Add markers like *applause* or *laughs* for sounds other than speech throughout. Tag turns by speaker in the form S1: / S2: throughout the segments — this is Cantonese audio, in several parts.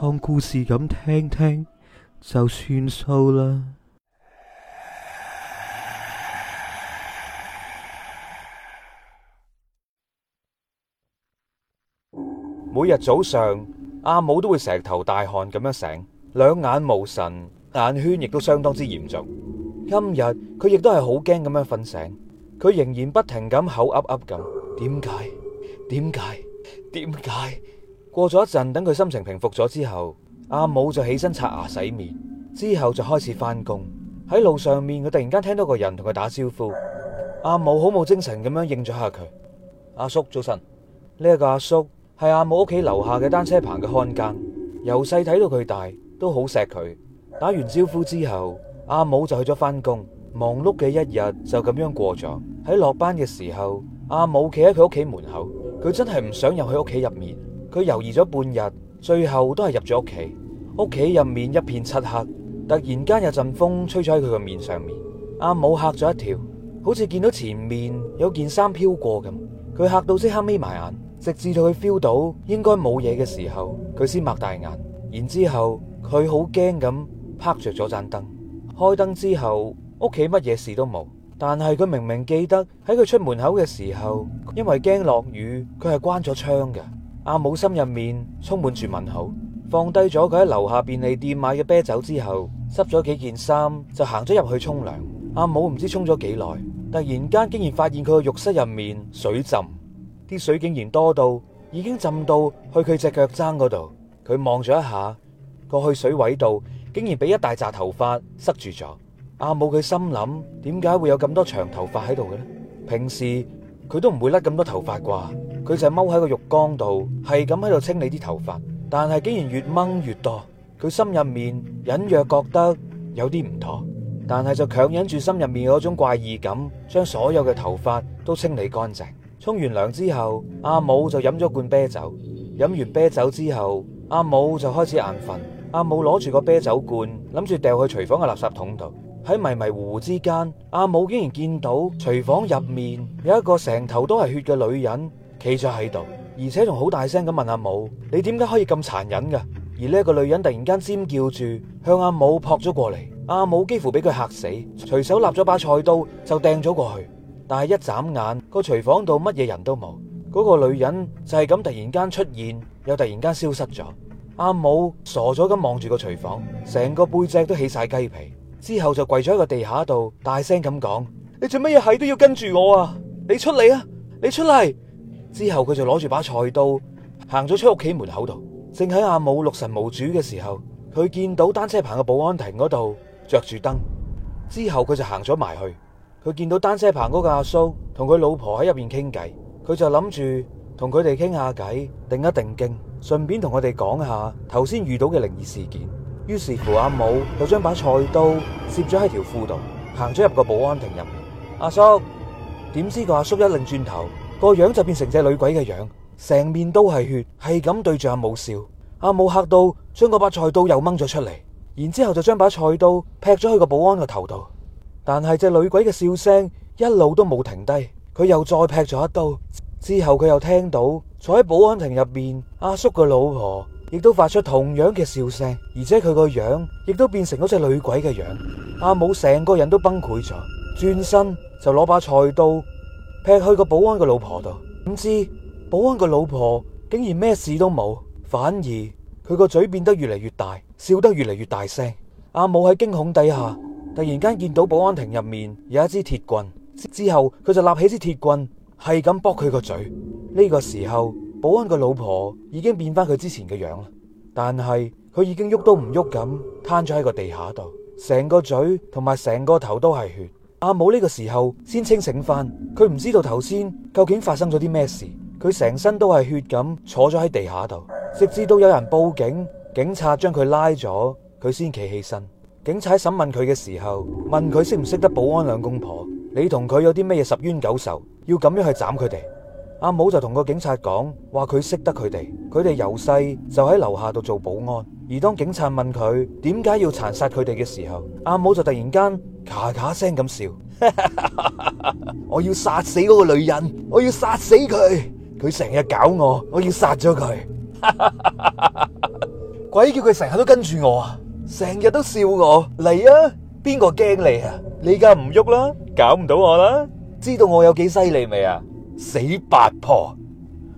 S1: 當故事咁聽聽就算數啦。每日早上，阿母都會成頭大汗咁樣醒，兩眼無神，眼圈亦都相當之嚴重。今日佢亦都係好驚咁樣瞓醒，佢仍然不停咁口噏噏咁。點解？點解？點解？過咗一陣，等佢心情平復咗之後，阿武就起身刷牙洗面，之後就開始返工。喺路上面，佢突然間聽到個人同佢打招呼。阿武好冇精神咁樣應咗下佢。阿叔早晨，呢一個阿叔係阿武屋企樓下嘅單車棚嘅看更，由細睇到佢大，都好錫佢。打完招呼之後，阿武就去咗返工，忙碌嘅一日就咁樣過咗。喺落班嘅時候，阿武企喺佢屋企門口，佢真係唔想入去屋企入面。佢猶豫咗半日，最後都係入咗屋企。屋企入面一片漆黑，突然間有陣風吹咗喺佢個面上面。阿武吓咗一跳，好似見到前面有件衫飄過咁。佢嚇到即刻眯埋眼，直至到佢 feel 到應該冇嘢嘅時候，佢先擘大眼。然之後佢好驚咁拍着咗盞燈。開燈之後，屋企乜嘢事都冇，但係佢明明記得喺佢出門口嘅時候，因為驚落雨，佢係關咗窗嘅。阿母心入面充滿住問號，放低咗佢喺樓下便利店買嘅啤酒之後，執咗幾件衫，就行咗入去沖涼。阿母唔知沖咗幾耐，突然間竟然發現佢個浴室入面水浸，啲水竟然多到已經浸到去佢隻腳踭嗰度。佢望咗一下，過去水位度竟然俾一大紮頭髮塞住咗。阿母佢心諗：點解會有咁多長頭髮喺度嘅咧？平時佢都唔會甩咁多頭髮啩。佢就踎喺個浴缸度，係咁喺度清理啲頭髮，但係竟然越掹越多。佢心入面隱約覺得有啲唔妥，但係就強忍住心入面嗰種怪異感，將所有嘅頭髮都清理乾淨。沖完涼之後，阿母就飲咗罐啤酒。飲完啤酒之後，阿母就開始眼瞓。阿母攞住個啤酒罐，諗住掉去廚房嘅垃圾桶度。喺迷迷糊糊之間，阿母竟然見到廚房入面有一個成頭都係血嘅女人。企咗喺度，而且仲好大聲咁問阿母：「你點解可以咁殘忍噶？」而呢一個女人突然間尖叫住，向阿母撲咗過嚟。阿母幾乎俾佢嚇死，隨手立咗把菜刀就掟咗過去。但係一眨眼，個廚房度乜嘢人都冇，嗰個女人就係咁突然間出現，又突然間消失咗。阿母傻咗咁望住個廚房，成個背脊都起晒雞皮。之後就跪咗喺個地下度，大聲咁講： *music* 你做乜嘢係都要跟住我啊！你出嚟啊！你出嚟啊！之後佢就攞住把菜刀行咗出屋企門口度，正喺阿母六神無主嘅時候，佢見到單車棚嘅保安亭嗰度着住燈，之後佢就行咗埋去，佢見到單車棚嗰個阿叔同佢老婆喺入邊傾偈，佢就諗住同佢哋傾下偈，定一定驚，順便同我哋講下頭先遇到嘅靈異事件。於是乎，阿母又將把菜刀攝咗喺條褲度，行咗入個保安亭入面。阿叔，點知個阿叔一擰轉頭，個樣就變成隻女鬼嘅樣，成面都係血，係咁對住阿武笑。阿武嚇到，將個把菜刀又掹咗出嚟，然之後就將把菜刀劈咗去個保安個頭度。但係隻女鬼嘅笑聲一路都冇停低，佢又再劈咗一刀。之後佢又聽到坐喺保安亭入邊阿叔嘅老婆，亦都發出同樣嘅笑聲，而且佢個樣亦都變成嗰隻女鬼嘅樣。阿武成個人都崩潰咗，轉身就攞把菜刀。劈去個保安個老婆度，點知保安個老婆竟然咩事都冇，反而佢個嘴變得越嚟越大，笑得越嚟越大聲。阿武喺驚恐底下，突然間見到保安亭入面有一支鐵棍，之後佢就立起支鐵棍，係咁剝佢個嘴。呢、呢個時候，保安個老婆已經變翻佢之前嘅樣啦，但係佢已經喐都唔喐咁攤咗喺個地下度，成個嘴同埋成個頭都係血。阿武呢個時候先清醒翻，佢唔知道頭先究竟發生咗啲咩事，佢成身都係血咁坐咗喺地下度，直至到有人報警，警察將佢拉咗，佢先企起身。警察喺審問佢嘅時候，問佢識唔識得保安兩公婆，你同佢有啲咩嘢十冤九仇，要咁樣去斬佢哋？阿母就同個警察講：話佢識得佢哋，佢哋由細就喺樓下度做保安。而當警察問佢點解要殘殺佢哋嘅時候，阿母就突然間咔咔聲咁笑： *laughs* 我要殺死嗰個女人，我要殺死佢，佢成日搞我，我要殺咗佢。 *laughs* 鬼叫佢成日都跟住我啊！成日都笑我嚟啊！邊個驚你啊？你而家唔喐啦，搞唔到我啦，知道我有幾犀利未啊？死八婆！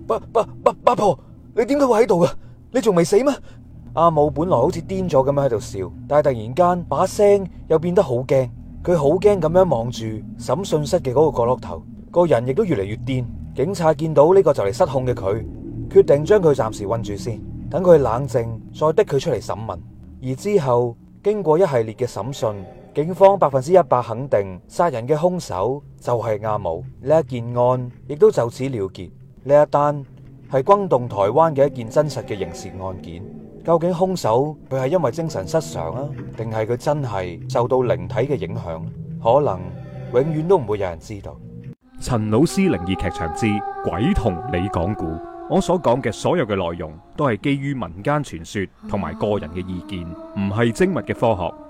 S1: 八八八八婆，你點解會喺度啊？你仲未死咩？阿武本來好似癲咗咁樣喺度笑，但係突然間把聲又變得好驚，佢好驚咁樣望住審訊室嘅嗰個角落頭，個人亦都越嚟越癲。警察見到呢個就嚟失控嘅佢，決定將佢暫時困住先，等佢冷靜，再逼佢出嚟審問。而之後經過一系列嘅審訊。警方百分之一百肯定殺人嘅凶手就係阿毛，呢一件案亦都就此了結。呢一單係轟動台灣嘅一件真實嘅刑事案件，究竟凶手佢係因為精神失常啊定係佢真係受到靈體嘅影響？可能永遠都唔會有人知道。陳老師靈異劇場之鬼同你講古，我所講嘅所有嘅內容都係基於民間傳說同埋個人嘅意見，唔係精密嘅科學。